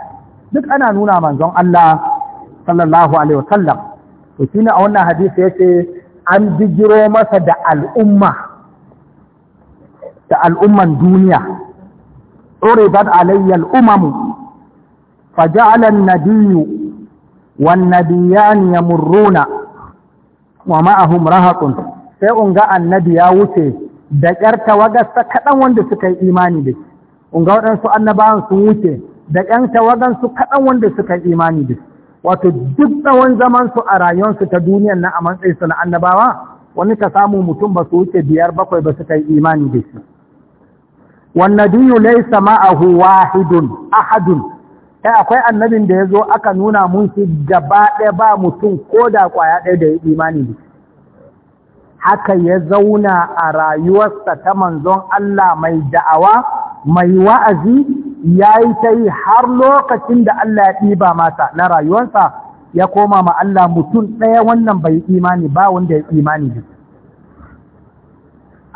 duk ana nuna manzon Allah sallallahu alaihi wasallam to shine a wannan hadisi yace an bijiro masa da al'umma da al'umman duniya uridat alayya al'umam faja'ala an-nabiyyu wan-nabiyani yamurruna wa ma'ahum rahaqun sai unga annabi ya wuce da kyar tawagarsa kaɗan wanda suka yi imani da shi unga waɗansu annabawan sun wuce da ‘yan tawagansu kaɗan wanda suka imani da wato duk tsawon zamansu a rayuwarsu ta duniyan na a matsayinsu na annabawa wani ka samu mutum ba su wuce biyar bakwai ba suka yi imani da shi sama a Huwa a ahadun kai akwai annabin da ya zo aka nuna mun shi gaba ɗaya ba mutum ko da ƙwaya ɗaya da ya imani da su. haka ya zauna a rayuwarsa ta manzon Allah mai da'awa mai wa'azi ya yi ta yi har lokacin da Allah ya ɗiba mata na rayuwarsa ya koma ma Allah mutum ɗaya wannan bai imani ba wanda ya imani ne.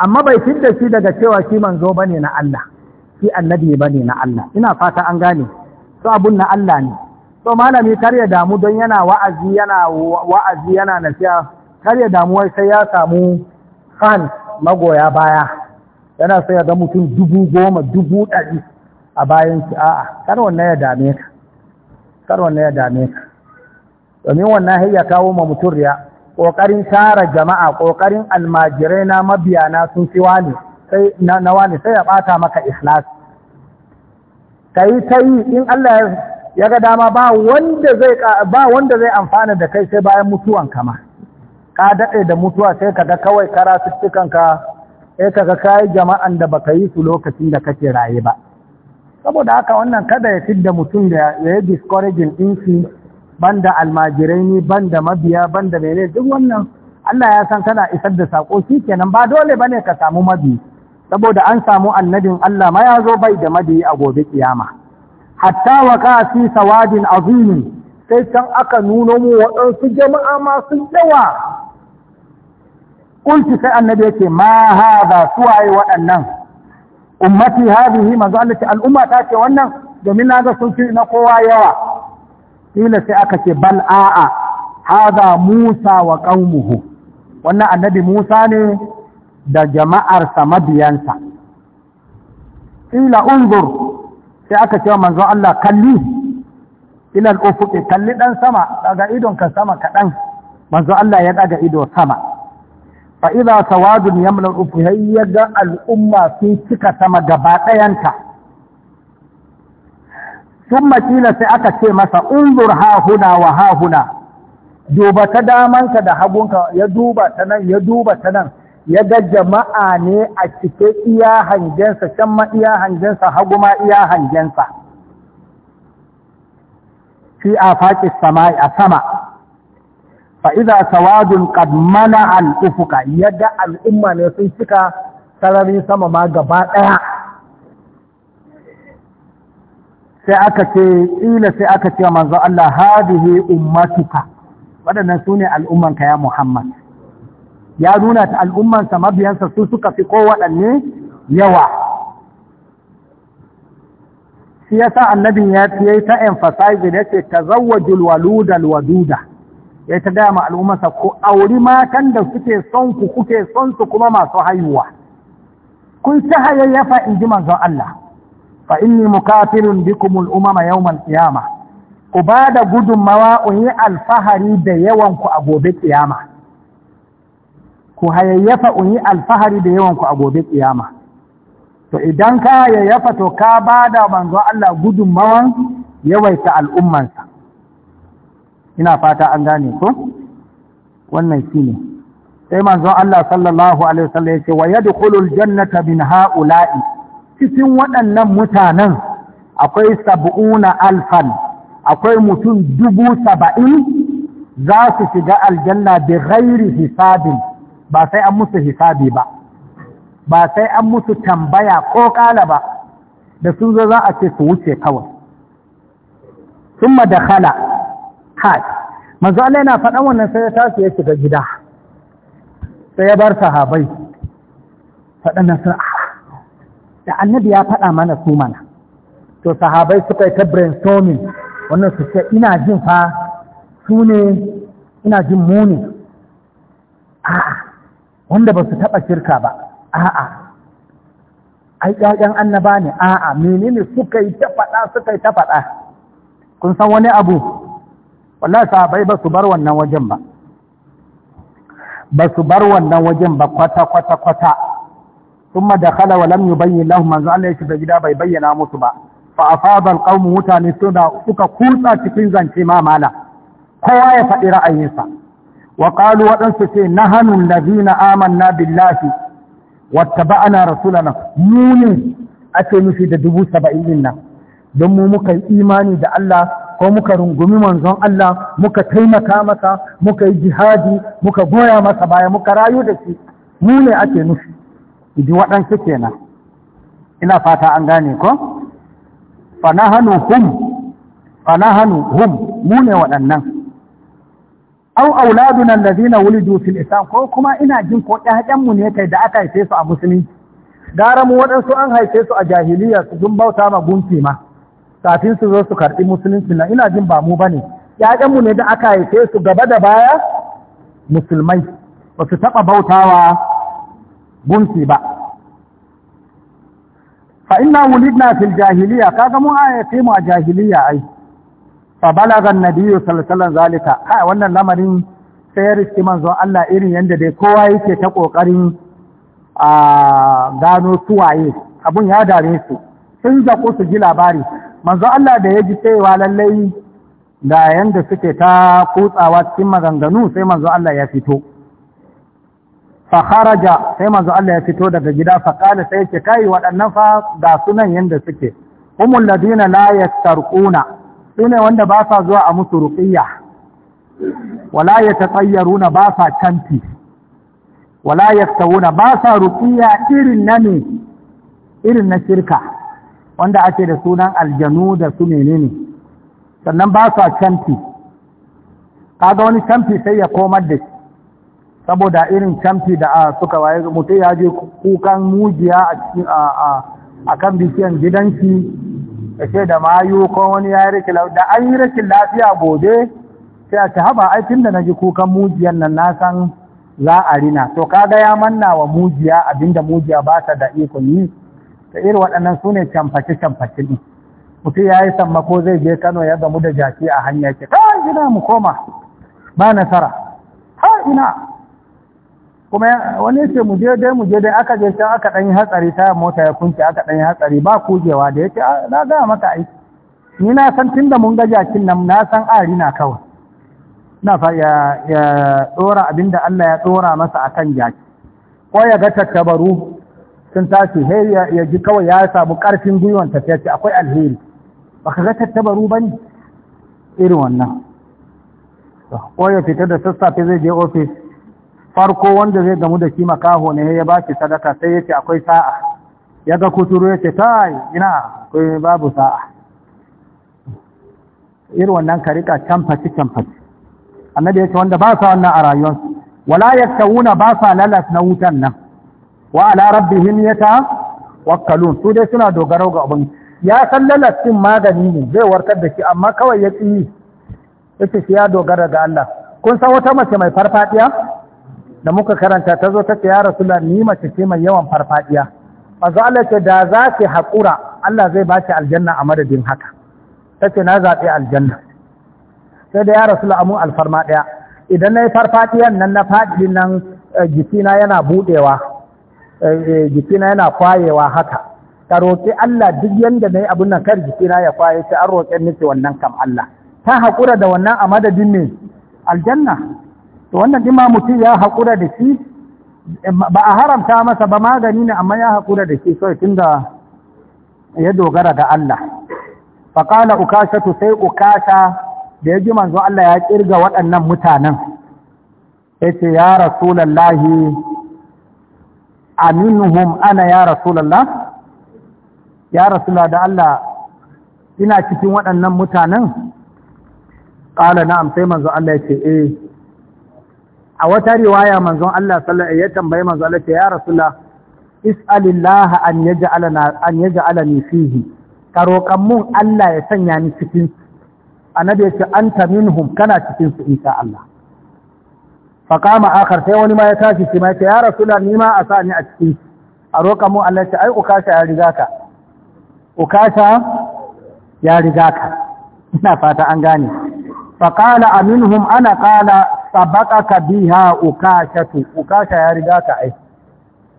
amma bai fidda shi daga cewa shi manzo ne na Allah shi annabi ne na Allah ina fata an gane so abun na Allah ne So malami kar ya damu don yana wa'azi yana wa'azi yana nasiya kar ya damu sai ya samu fan magoya baya yana sai ya ga mutum dubu goma dubu ɗari a bayan ki a'a kar wannan ya dame ka kar wannan ya dame ka domin wannan hayya kawo ma mutum riya kokarin tara jama'a kokarin almajirai na mabiya na sun fi wani sai na, na wani sai ya bata maka ikhlas kai tai in Allah ya ga dama ba wanda zai ba wanda zai amfana da kai sai bayan mutuwan kama ka daɗe da mutuwa sai kaga kawai ka sai kaga kai jama'an da baka yi su lokacin da kake raye ba saboda haka wannan kada ya fidda mutum da ya yi discouraging ban da almajirai ne da mabiya ban da mele duk wannan Allah ya san kana isar da sako shi kenan ba dole ba ne ka samu mabi saboda an samu annabin Allah ma ya zo bai da mabi a gobe kiyama hatta wa ka fi sawadin azim sai can aka nuno mu waɗansu jama'a masu yawa kunci sai annabi yake ma hada suwaye waɗannan ummati hadihi manzo Allah ce al'umma ta ce wannan domin naga sun ci na kowa yawa kila sai aka ce bal a'a hada Musa wa qaumuhu wannan annabi Musa ne da jama'ar sa mabiyansa kila unzur sai aka ce manzo Allah kalli ila al-ufuq kalli dan sama daga idon ka sama kadan manzo Allah ya daga ido sama fa idza tawadun yamla ufhayya ga al'umma sun cika sama gaba ɗayanta thumma qila sai aka ce masa unzur ha huna wa ha huna duba ta damanka da hagunka ya duba ta nan ya duba ta nan ya ga jama'a ne a cike iya hangensa can ma iya hangensa hagu ma iya hangensa fi a faƙi sama a sama fa iza sawadun qad mana al yadda al'umma ne sun cika sararin sama ma gaba sai aka ce ila sai aka ce manzo Allah hadihi ummatuka waɗannan sune ne al'ummanka ya Muhammad ya nuna ta al'ummansa mabiyansa su suka fi kowaɗanne yawa shi yasa annabin ya ta emphasize ne ce ta zawajul waluda waduda ya ta gaya ma al'ummarsa ku auri matan da suke son ku kuke son su kuma masu haihuwa kun ci hayayyafa in ji manzon Allah fa inni mukafirun bikum al'umama yawmal qiyama ku ba da gudunmawa ku yi alfahari da yawan ku a gobe kiyama ku hayayyafa ku yi alfahari da yawan ku a gobe kiyama to idan ka hayayyafa to ka ba da manzon Allah gudummawan yawaita al'ummansa ina fata an gane ko wannan shi ne sai manzon Allah sallallahu alaihi wasallam ya ce wa yadkhulul jannata min haula'i cikin waɗannan mutanen akwai sab'una alfan akwai mutum dubu saba'in za su shiga aljanna bi ghairi hisabin ba sai an musu hisabi ba ba sai an musu tambaya ko kala ba da sun zo za a ce su wuce kawai summa dakhala jihad manzo Allah yana faɗan wannan sai ya tashi ya shiga gida sai ya bar sahabai faɗan sun ah, da annabi ya faɗa mana su mana to sahabai suka yi ta brainstorming wannan su ce ina jin fa su ne ina jin mu ne a'a wanda ba su taɓa shirka ba a'a ai ƴaƴan annaba ne a'a menene suka yi ta faɗa suka yi ta faɗa kun san wani abu wallahi sahabbai ba su bar wannan wajen ba ba su bar wannan wajen ba kwata kwata kwata thumma kala, wa lam yubayyin lahum manzo Allah ya shiga gida bai bayyana musu ba fa afada alqawm mutane suna suka kutsa cikin zance ma kowa ya faɗi ra'ayinsa wa qalu waɗansu ce na nahanu allazina amanna billahi ana rasulana mu ne ake nufi da dubu saba'in nan don mu muka yi imani da Allah ko muka rungumi manzon Allah muka taimaka masa muka yi jihadi muka goya masa baya muka rayu da shi mu ne ake nufi ji waɗansu kenan ina fata an gane ko fanahanu hum fanahanu hum mu ne waɗannan au auladuna allazina wulidu fil islam ko kuma ina jin ko ƴaƴan mu ne kai da aka haife su a musulunci gara mu waɗansu an haife su a jahiliya su dun bauta ma gunki ma kafin su zo su karɓi musulunci na ina jin ba mu ba ne ‘ya'yanmu ne da aka haife su gaba da baya musulmai ba su taɓa bautawa gunki ba fa ina na fil jahiliya Ka kaga mun haife mu a jahiliya ai fa balaga nabiyyu sallallahu salasalan zalika kai wannan lamarin sai ya riski manzo Allah irin yadda dai kowa yake ta ƙoƙarin a ah, gano suwaye abun ya dare su sun zaƙo su ji labari manzo Allah da ya ji cewa lallai ga yanda suke ta kutsawa cikin maganganu sai manzo Allah ya fito fa kharaja sai manzo Allah ya fito daga gida fa kana sai yake kai waɗannan fa ga sunan yanda suke umul ladina la yastarquna sune wanda ba sa zuwa a musu ruqiyya wala yatatayyaruna ba sa canti wala yaftawuna ba sa ruqiyya irin na ne irin na shirka wanda ake da sunan aljanu da su menene sannan ba su a camfi kaga wani camfi sai ya komar da shi saboda irin camfi da a ah, suka waye mutum ya je kukan mujiya a kan bishiyan gidanki ya ce da mayu ko wani ya yi da an yi rikin lafiya gobe sai a ci haba aikin da na ji kukan mujiyan nan na san za a rina to kaga ya manna wa mujiya abinda mujiya ba ta da ikon yi da irin waɗannan su ne camfaci-camfaci ɗin mutum ya yi ko zai je kano ya gamu da jaki a hanya ke ka ina mu koma ba nasara ha ina kuma wani ce mu je dai mu je dai aka je can aka ɗanyi hatsari ta mota ya kunce aka ɗanyi hatsari ba kujewa da ya ce na gaya maka aiki ni na san tun da mun ga jakin nan na san ari na kawai na fa ya ɗora abin da Allah ya ɗora masa a kan jaki ko ya ga tattabaru sun tashi heri ya ji kawai ya samu ƙarfin gwiwon tafiya ce akwai alheri ba ka ga tattabaru ba ne irin wannan ko ya fitar da sassafe zai je ofis farko wanda zai gamu da shi makaho ne ya ba shi sadaka sai ya ce akwai sa'a ya ga kuturu ya ce ta ina akwai babu sa'a irin wannan karika canfaci canfaci annabi ya ce wanda ba sa wannan a rayuwarsu wala yaktawuna ba sa lalas na wutan nan wa ala Rabbi, rabbihim wakalun su dai suna dogaro ga abin ya san lalatin magani ne zai warkar da shi amma kawai ya tsini Ita shi ya dogara ga Allah kun san wata mace mai farfadiya da muka karanta ta zo ta ce ya rasulullah ni mace ce mai yawan farfadiya manzo Allah da za ki haƙura Allah zai baki aljanna a madadin haka tace na zabe aljanna sai da ya rasulullah amu alfarma ɗaya idan na yi farfadiyan nan na faɗi nan eh, jikina yana buɗewa Eh, jikina yana kwayewa haka ka roƙi Allah duk yanda na yi abin nan kar jikina ya kwaye ta an roƙe nufi wannan kam Allah ta haƙura da wannan a madadin ne aljanna to wannan dima mutum ya haƙura da shi eh, ba a haramta masa ba magani ne amma ya haƙura da shi kawai tunda ya dogara ga Allah faƙala ukasha to sai ukasha da ya ji manzo Allah ya ƙirga waɗannan mutanen ya ce ya rasulallahi aminuhum ana ya rasulallah ya rasula da Allah ina cikin waɗannan mutanen ƙala na'am sai manzon Allah ya ce eh a wata riwaya manzon Allah sallallahu alaihi ya tambaye manzon Allah ce ya rasula is'alillah an yaj'alana an yaj'alani fihi ka roƙan mun Allah ya sanya ni cikin annabi ya ce anta minhum kana cikin su insha Allah faƙama akar sai wani ma ya tashi shi ma ya ce ya rasula ni ma a sa ni a ciki a roƙa mu Allah ce ai ukasha ya riga ka ukasha ya riga ka ina fata an gane faƙala aminhum ana ƙala sabaqaka biha ukashatu ukasha ya riga ka ai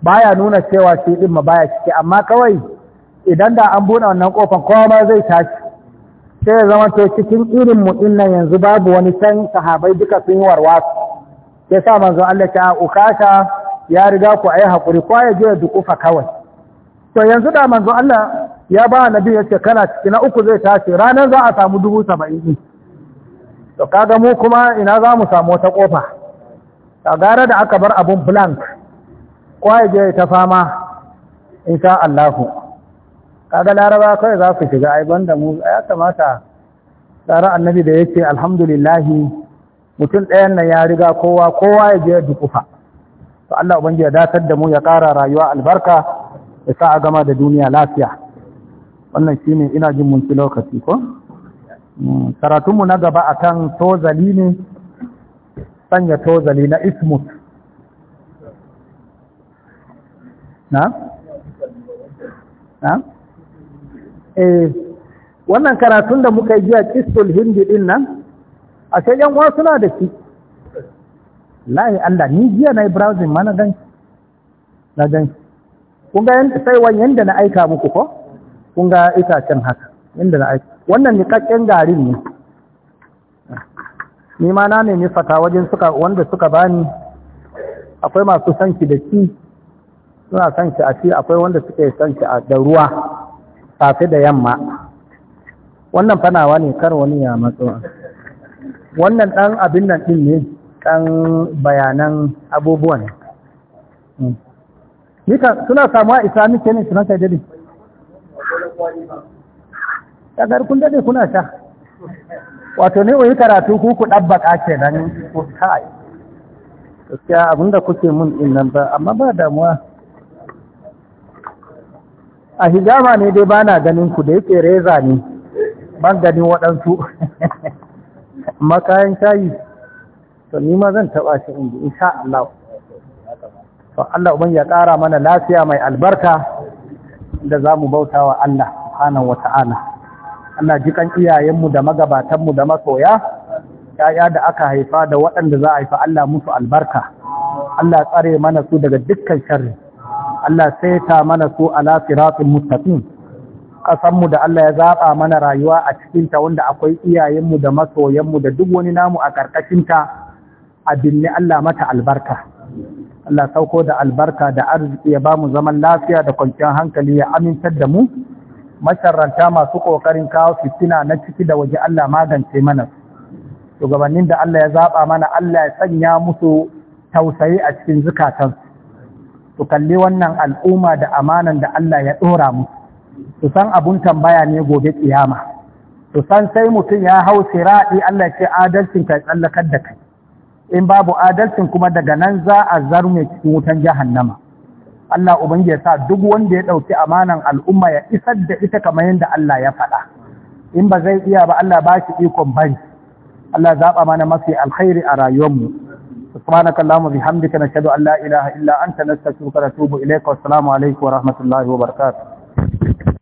baya nuna cewa shi din ma baya ciki amma kawai idan da an buɗe wannan kofar kowa ma zai tashi sai ya zama to cikin irin mu nan yanzu babu wani can sahabai duka sun yi warwasu ya sa manzo Allah ta ukasha ya riga ku ayi hakuri ko ya je dukufa kawai to yanzu da manzo Allah ya ba nabi ya ce kana ciki uku zai tashi ranar za a samu dubu saba'in to kaga mu kuma ina za mu samu wata kofa ta gara da aka bar abun blank ko ya je ta fama insha Allahu kaga laraba kai za ku shiga ai banda mu ya kamata tsara annabi da yake alhamdulillahi mutum ɗayan nan ya riga kowa kowa ya je ya dukufa to Allah ubangi ya datar da mu ya ƙara rayuwa albarka ya sa a gama da duniya lafiya wannan shi ne ina jin mun ci lokaci ko hmm, karatunmu na gaba a kan tozali ne sanya tozali na Ismut. na? na? eh wannan karatun da muka yi jiya kistul hindi din nan a sai yan wasu na da shi layi Allah ni jiya na yi browsing ma na gan na gan kun ga sai wani yanda na aika muku ko kun ga itacen haka yadda na aika wannan niƙaƙƙen garin ne ni ma na nemi fata wajen suka wanda suka bani akwai masu sanki da shi suna sanki a ci akwai wanda suke sanki a da ruwa safe da yamma wannan fanawa ne kar wani ya matsuwa wannan ɗan abin nan ɗin ne ɗan bayanan abubuwan hmm. nika suna samuwa islamic kenan suna sai dade gari kun dade kuna sha wato ne wani karatu ku ku ɗabba ke nan ku kai gaskiya da kuke mun ɗin nan ba amma ba damuwa a hijama ne dai ba na ganin ku da yake reza ne ban ganin waɗansu amma kayan shayi to ni ma zan taɓa shi inji insha Allah to Allah uban ya ƙara mana lafiya mai albarka da za bauta wa Allah subhanahu wataala ta'ala jikan iyayenmu da magabatanmu da masoya ya'ya da aka haifa da waɗanda za a haifa Allah musu albarka Allah tsare mana su daga dukkan sharri Allah saita mana su ala siratul mustaqim ƙasanmu da Allah ya zaɓa mana rayuwa a cikinta wanda akwai iyayenmu da masoyanmu da duk wani namu a ƙarƙashinta a binne Allah mata albarka. Allah sauko da albarka da arziki ya bamu zaman lafiya da kwanciyar hankali ya amintar da mu, masharranta masu ƙoƙarin kawo fitina na ciki da waje Allah magance mana. Shugabannin da Allah ya zaɓa mana Allah ya sanya musu tausayi a cikin zukatansu. Su kalli wannan al'umma da amanan da Allah ya ɗora musu. su san abun tambaya ne gobe ƙiyama, su san sai mutum ya hau siraɗi Allah ce adalcin ka tsallakar da kai in babu adalcin kuma daga nan za a zarme cikin wutan jahannama Allah ubangi ya sa duk wanda ya ɗauki amanan al'umma ya isar da ita kamar yadda Allah ya faɗa in ba zai iya ba Allah ba shi ikon bari Allah zaɓa mana mafi alkhairi a rayuwarmu subhanaka allahumma bihamdika nashhadu an la ilaha illa anta nastaghfiruka wa natubu ilayka wa assalamu alaikum wa rahmatullahi wa